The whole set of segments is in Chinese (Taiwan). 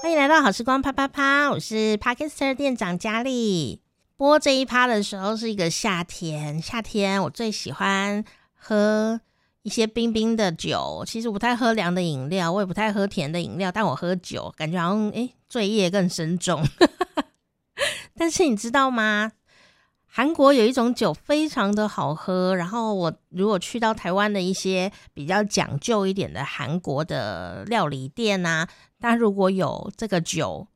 歡迎來到好時光啪啪啪！我是 Parkister 店長佳麗。播這一趴的時候是一個夏天，夏天我最喜歡喝一些冰冰的酒。其實我不太喝涼的飲料，我也不太喝甜的飲料，但我喝酒感覺好像誒、欸、醉意更深重。 但是你知道嗎？韓國有一種酒非常的好喝，然後我如果去到台灣的一些比較講究一點的韓國的料理店啊，但如果有這個酒，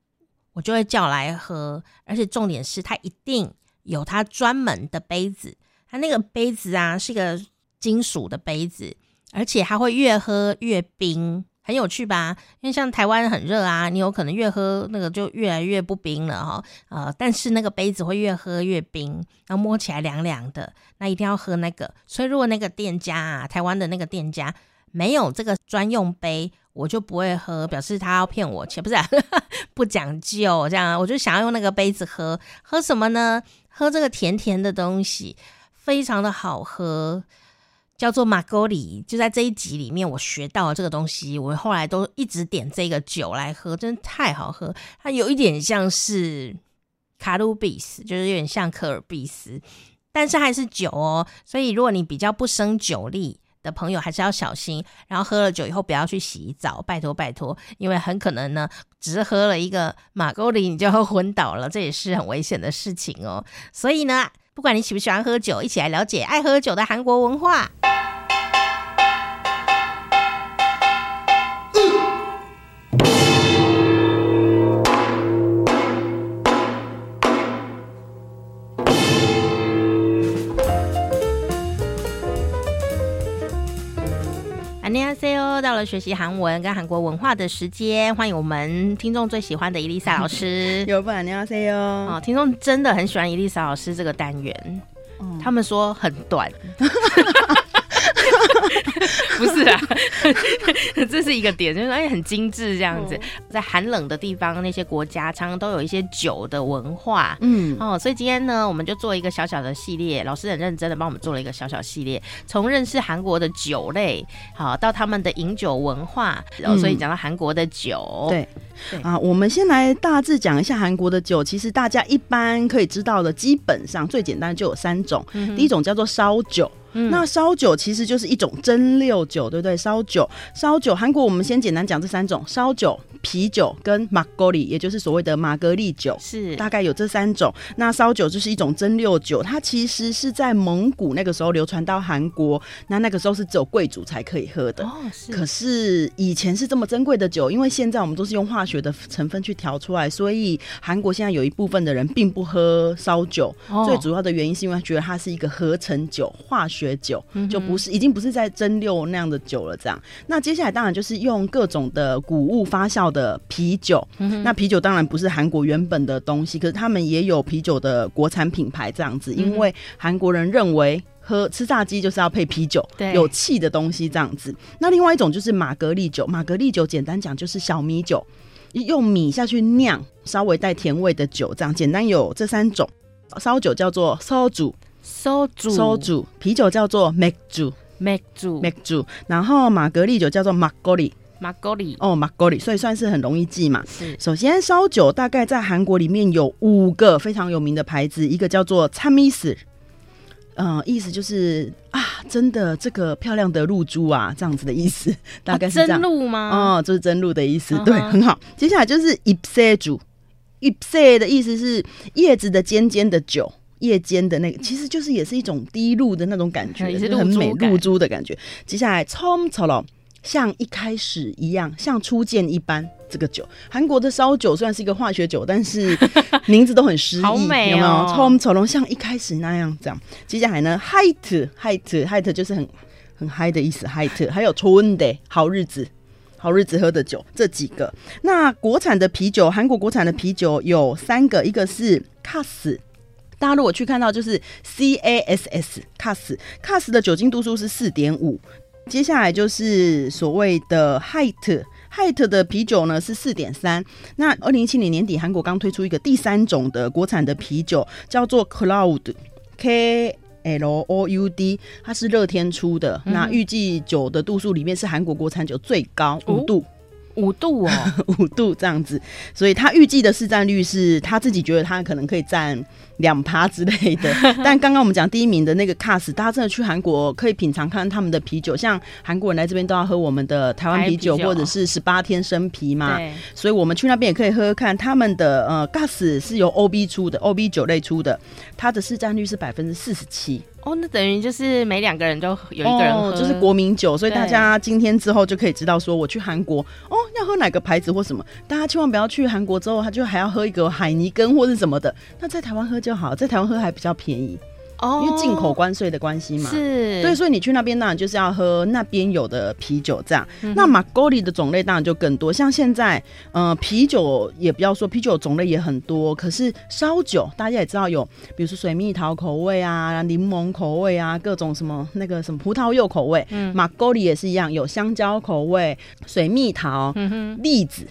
我就會叫來喝，而且重點是它一定有它專門的杯子，它那個杯子啊是一個金屬的杯子，而且它會越喝越冰。很有趣吧？因為像台灣很熱啊，你有可能越喝那個就越來越不冰了哈、喔。呃，但是那個杯子會越喝越冰，然後摸起來涼涼的，那一定要喝那個。所以如果那個店家啊，台灣的那個店家沒有這個專用杯，我就不會喝，表示他要騙我且不是、啊、呵呵，不講究這樣。我就想要用那個杯子喝，喝什麼呢？喝這個甜甜的東西，非常的好喝。叫做馬格利，就在這一集裡面，我學到了這個東西。我後來都一直點這個酒來喝，真的太好喝。它有一點像是卡路比斯，就是有點像科爾比斯，但是還是酒哦。所以如果你比較不勝酒力的朋友，還是要小心。然後喝了酒以後，不要去洗澡，拜託拜託，因為很可能呢，只是喝了一個馬格利，你就要昏倒了，這也是很危險的事情哦。所以呢，不管你喜不喜歡喝酒，一起來了解愛喝酒的韓國文化。學習韓文跟韓國文化的時間，歡迎我們聽眾最喜歡的伊麗莎老師。 有話你要說喲！哦，聽眾真的很喜歡伊麗莎老師這個單元，嗯、他們說很短。 不是啊，這是一個點，就是哎很精致這樣子，在寒冷的地方那些國家常常都有一些酒的文化，嗯哦，所以今天呢，我們就做一個小小的系列，老師很認真的幫我們做了一個小小系列，從認識韓國的酒類，好，到他們的飲酒文化，然、哦、後所以講到韓國的酒，嗯、對，對啊，我們先來大致講一下韓國的酒，其實大家一般可以知道的，基本上最簡單的就有三種，嗯、哼第一種叫做燒酒。那燒酒其實就是一種蒸餾酒，對不對？燒酒、燒酒，韓國我們先簡單講這三種燒酒。啤酒跟馬格利，也就是所謂的馬格利酒，是大概有這三種。那燒酒就是一種蒸餾酒，它其實是在蒙古那個時候流傳到韓國，那那個時候是只有貴族才可以喝的。哦，是。可是以前是這麼珍貴的酒，因為現在我們都是用化學的成分去調出來，所以韓國現在有一部分的人並不喝燒酒。最、哦、主要的原因是因為他覺得它是一個合成酒、化學酒，就不是、嗯、哼已經不是在蒸餾那樣的酒了。這樣。那接下來當然就是用各種的穀物發酵。的啤酒，嗯、哼那啤酒當然不是韓國原本的東西，可是他們也有啤酒的國產品牌這樣子，因為韓國人認為喝吃炸雞就是要配啤酒，對有氣的東西這樣子。那另外一種就是馬格利酒，馬格利酒簡單講就是小米酒，用米下去釀，稍微帶甜味的酒這樣。簡單有這三種，燒酒叫做燒煮，燒煮燒煮，啤酒叫做麥煮，麥煮，麥煮，然後馬格利酒叫做馬格利。馬格利哦，馬格利，所以算是很容易記嘛。是首先燒酒大概在韓國裡面有五個非常有名的牌子，一個叫做참이슬，意思就是啊，真的這個漂亮的露珠啊，這樣子的意思，大概是這樣、啊、真露嗎哦，這、就是真露的意思，uh huh、對，很好。接下來就是잎새주，잎새的意思是葉子的尖尖的酒，葉尖的那個，其實就是也是一種滴露的那種感覺，也、嗯、是很美露珠，露珠的感覺。接下來처음처럼。聰聰像一開始一樣，像初見一般，這個酒，韓國的燒酒雖然是一個化學酒，但是名字都很詩意， 好美哦、有沒有？從丑龍像一開始那樣,這樣，講接下來呢，Hite、Hite、Hite 就是很很嗨的意思，Hite 還有春的好日子，好日子喝的酒，這幾個。那國產的啤酒，韓國國產的啤酒有三個，一個是 cass，大家如果去看到就是 c a s s，cass，cass 的酒精度數是四點五。接下來就是所謂的 Hite，Hite 的啤酒呢是四點三。那二零一七年年底，韓國剛推出一個第三種的國產的啤酒，叫做 Cloud，K L O U D，它是樂天出的。嗯、哼那預計酒的度數裡面是韓國國產酒最高五度。哦五度哦， 五度這樣子，所以他預計的市佔率是他自己覺得他可能可以佔兩趴之類的。 但剛剛我們講第一名的那個 CASS 大家真的去韓國可以品嚐看他們的啤酒，像韓國人來這邊都要喝我們的台灣啤酒，啤酒或者是十八天生啤嘛，對所以我們去那邊也可以喝喝看他們的呃 CASS 是由 OB 出的，OB 酒類出的，它的市佔率是百分之四十七。哦，那等於就是每兩個人都有一個人喝，哦，就是國民酒，所以大家今天之後就可以知道說，我去韓國對哦要喝哪個牌子或什麼，大家千萬不要去韓國之後，他就還要喝一個海尼根或是什麼的，那在台灣喝就好，在台灣喝還比較便宜。因為進口關稅的關係嘛，哦、是，對，所以你去那邊當然就是要喝那邊有的啤酒這樣。嗯、哼那馬格利的種類當然就更多，像現在，呃，啤酒也不要說，啤酒的種類也很多，可是燒酒大家也知道有，比如說水蜜桃口味啊、檸檬口味啊、各種什麼那個什麼葡萄柚口味，馬格、嗯、利也是一樣，有香蕉口味、水蜜桃、嗯、哼、栗子。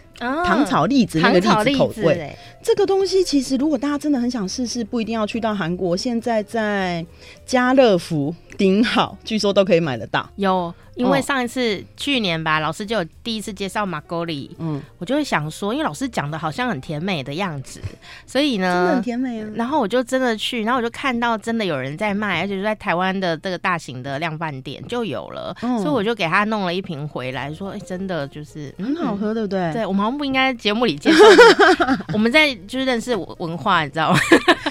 糖炒栗子。哦，那個栗子口味，欸，這個東西其實如果大家真的很想試試，不一定要去到韓國，現在在家樂福。頂好，據說都可以買得到。有，因為上一次、哦、去年吧，老師就有第一次介紹馬格利，嗯，我就會想說，因為老師講的好像很甜美的樣子，所以呢，真的很甜美。然後我就真的去，然後我就看到真的有人在賣，而且就在台灣的這個大型的量販店就有了，嗯、所以我就給他弄了一瓶回來，說，哎、欸，真的就是、嗯、很好喝，對不對？對，我們好像不應該在節目裡介紹， 我們在就是認識文化，你知道嗎？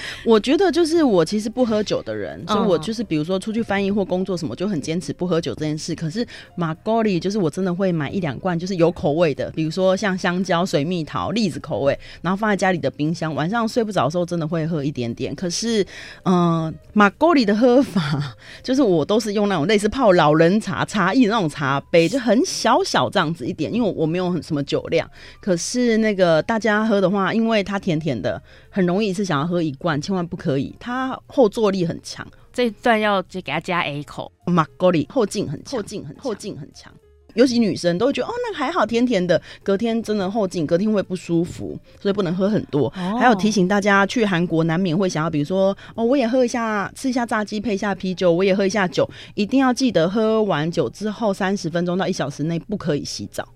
我覺得就是我其實不喝酒的人，所以我就是比如說出去翻譯或工作什麼就很堅持不喝酒這件事。可是馬格利就是我真的會買一兩罐，就是有口味的，比如說像香蕉、水蜜桃、栗子口味，然後放在家裡的冰箱。晚上睡不着的時候，真的會喝一點點。可是，嗯、呃，馬格利的喝法就是我都是用那種類似泡老人茶、茶藝那種茶杯，就很小小這樣子一點，因為我沒有很什麼酒量。可是那個大家喝的話，因為它甜甜的，很容易是想要喝一罐。千萬不可以，它後坐力很強。這段要就給它加 A 口，馬格利後勁很強，後勁很強，後勁很強。尤其女生都會覺得哦，那個，還好甜甜的，隔天真的後勁，隔天會不舒服，所以不能喝很多。哦、還有提醒大家，去韓國難免會想要，比如說哦，我也喝一下，吃一下炸雞配一下啤酒，我也喝一下酒。一定要記得喝完酒之後三十分鐘到一小時內不可以洗澡。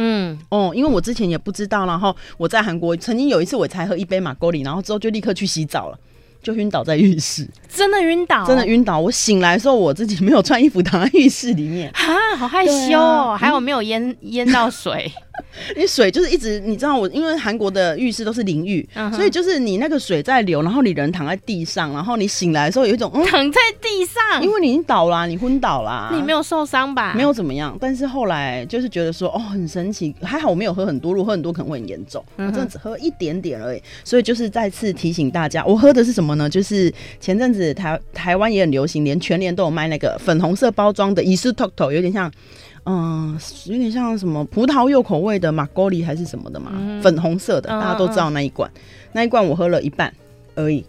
嗯，哦，因為我之前也不知道，然後，我在韓國曾經有一次，我才喝一杯馬格利，然後之後就立刻去洗澡了，就暈倒在浴室，真的暈倒，真的暈倒。我醒來的時候，我自己沒有穿衣服躺在浴室裡面，哈，好害羞，啊、還有沒有淹、嗯、淹到水？ 你水就是一直，你知道我，因為韓國的浴室都是淋浴，嗯、哼所以就是你那個水在流，然後你人躺在地上，然後你醒來的時候有一種、嗯、躺在地上，因為你已經倒啦、啊，你昏倒啦、啊，你沒有受傷吧？沒有怎麼樣，但是後來就是覺得說，哦，很神奇，還好我沒有喝很多，如果喝很多可能會很嚴重。嗯、哼我真的只喝一點點而已，所以就是再次提醒大家，我喝的是什麼呢？就是前陣子台台灣也很流行，連全聯都有賣那個粉紅色包裝的伊蘇特頭，有點像。嗯，有點像什麼葡萄柚口味的馬格利還是什麼的嘛，嗯、粉紅色的，大家都知道那一罐，嗯嗯，那一罐我喝了一半而已，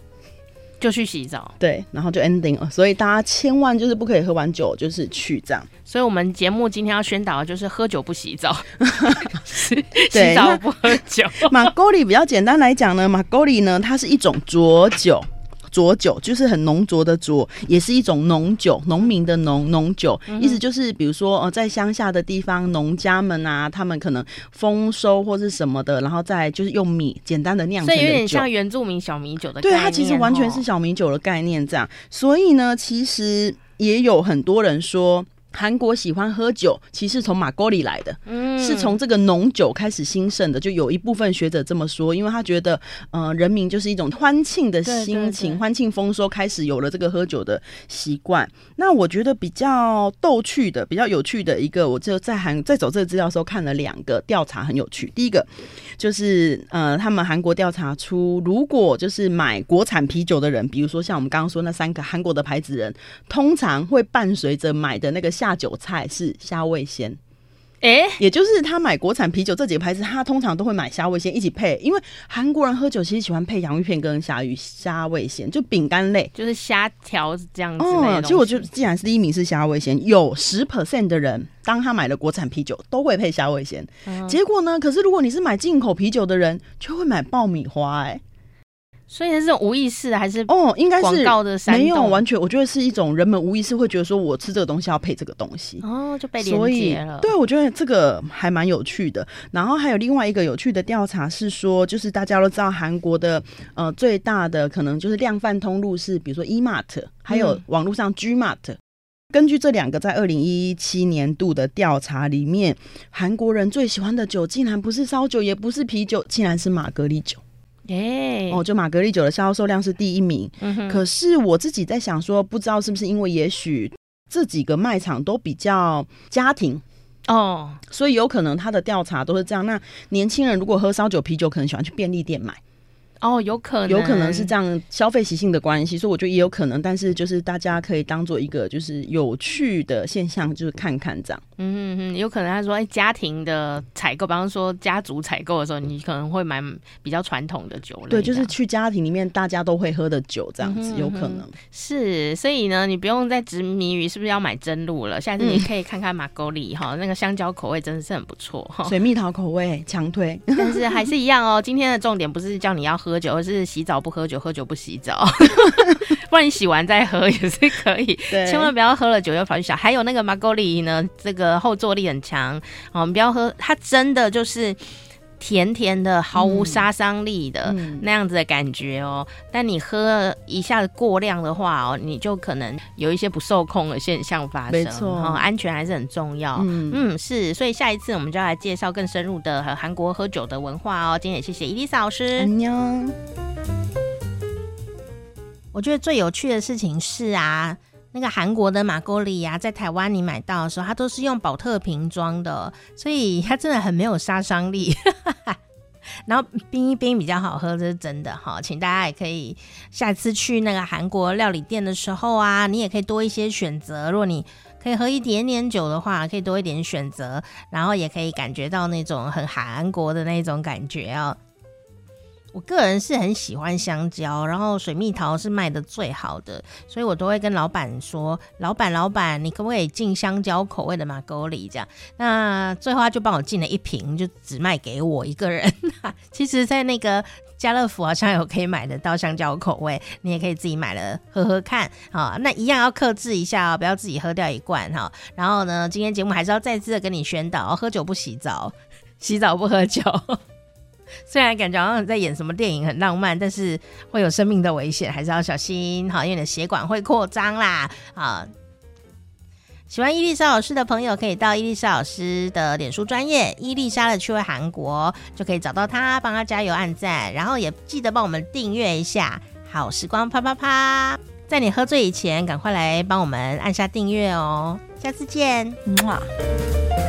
就去洗澡，對，然後就 ending 了，所以大家千萬就是不可以喝完酒就是去這樣，所以我們節目今天要宣導的就是喝酒不洗澡，對 洗澡不喝酒。馬格利比較簡單來講呢，馬格利呢，它是一種濁酒。濁酒就是很濃濁的濁，也是一種農酒，農民的農農酒，嗯、哼意思就是比如說呃，在鄉下的地方，農家們啊，他們可能豐收或是什麼的，然後再就是用米簡單的釀，所以有點像原住民小米酒的概念。對，它其實完全是小米酒的概念，這樣。所以呢，其實也有很多人說。韓國喜歡喝酒，其實從馬格利來的，嗯、是從這個農酒開始興盛的。就有一部分學者這麼說，因為他覺得，呃，人民就是一種歡慶的心情，對對對，歡慶豐收，開始有了這個喝酒的習慣。那我覺得比較逗趣的、比較有趣的一個，我就在韓在走這個資料的時候看了兩個調查，很有趣。第一個就是，呃，他們韓國調查出，如果就是買國產啤酒的人，比如說像我們剛剛說那三個韓國的牌子人，通常會伴隨着買的那個。下酒菜是蝦味鮮，欸、也就是他買國產啤酒這幾個牌子，他通常都會買蝦味鮮一起配，因為韓國人喝酒其實喜歡配洋芋片跟蝦魚蝦味鮮，就餅乾類，就是蝦條這樣子。其實我覺得，既然是第一名是蝦味鮮，有十 percent 的人，當他買了國產啤酒，都會配蝦味鮮。嗯、結果呢？可是如果你是買進口啤酒的人，就會買爆米花、欸，哎。所以是無意識的還是廣告的哦？應該是告的沒有完全。我覺得是一種人們無意識會覺得說我吃這個東西要配這個東西哦，就被連接了。對，我覺得這個還蠻有趣的。然後還有另外一個有趣的調查是說，就是大家都知道韓國的呃最大的可能就是量販通路是比如說 E Mart，還有網絡上 G Mart。嗯、根據這兩個在二零一七年度的調查裡面，韓國人最喜歡的酒竟然不是燒酒，也不是啤酒，竟然是馬格利酒。誒，Hey. 哦，就馬格利酒的銷售量是第一名，mm hmm. 可是我自己在想說，不知道是不是因為也許這幾個賣場都比較家庭哦，oh. 所以有可能他的調查都是這樣。那年輕人如果喝燒酒、啤酒，可能喜歡去便利店買。哦，有可能，有可能是這樣消費習性的關係，所以我覺得也有可能。但是就是大家可以當做一個就是有趣的現象，就是看看這樣。嗯嗯嗯，有可能他說，哎、欸，家庭的採購，比方說家族採購的時候，你可能會買比較傳統的酒類。對，就是去家庭裡面大家都會喝的酒，這樣子嗯哼嗯哼有可能是。所以呢，你不用再執迷於是不是要買真露了。下次你可以看看馬格利哈，那個香蕉口味真的是很不錯，哈， 水蜜桃口味強推。但是還是一樣哦， 今天的重點不是叫你要喝。喝酒是洗澡不喝酒，喝酒不洗澡， 不然你洗完再喝也是可以。對千萬不要喝了酒又跑去小。還有那個馬格利呢，這個後坐力很強，我、嗯、們不要喝，它真的就是。甜甜的，毫無殺傷力的、嗯嗯、那樣子的感覺哦。但你喝一下子過量的話哦，你就可能有一些不受控的現象發生。沒錯錯，哦，安全還是很重要。嗯，嗯，是。所以下一次我們就要來介紹更深入的韓國喝酒的文化哦。今天也謝謝伊麗莎老師。Annyeong 我覺得最有趣的事情是啊。那個韓國的馬格利呀，在台灣你買到的時候，它都是用保特瓶裝的，所以它真的很沒有殺傷力。 然後冰一冰比較好喝，這、就是真的哈、喔，請大家也可以下次去那個韓國料理店的時候啊，你也可以多一些選擇。如果你可以喝一點點酒的話，可以多一點選擇，然後也可以感覺到那種很韓國的那種感覺哦、喔。我個人是很喜歡香蕉，然後水蜜桃是賣得最好的，所以我都會跟老闆說：“老闆，老闆，你可不可以進香蕉口味的馬格利？”這樣，那最後他就幫我進了一瓶，就只賣給我一個人。 其實，在那個家樂福好像有可以買得到香蕉口味，你也可以自己買了喝喝看。好，那一樣要克制一下哦，不要自己喝掉一罐哈。然後呢，今天節目還是要再次的跟你宣導：喝酒不洗澡，洗澡不喝酒。雖然感覺好像在演什麼電影很浪漫，但是會有生命的危險，還是要小心哈！因為你的血管會擴張啦啊！喜歡伊麗莎老師的朋友，可以到伊麗莎老師的臉書專頁“伊麗莎的趣味韓國”就可以找到她，幫她加油按讚，然後也記得幫我們訂閱一下。好時光啪啪啪，在你喝醉以前，趕快來幫我們按下訂閱哦！下次見。嗯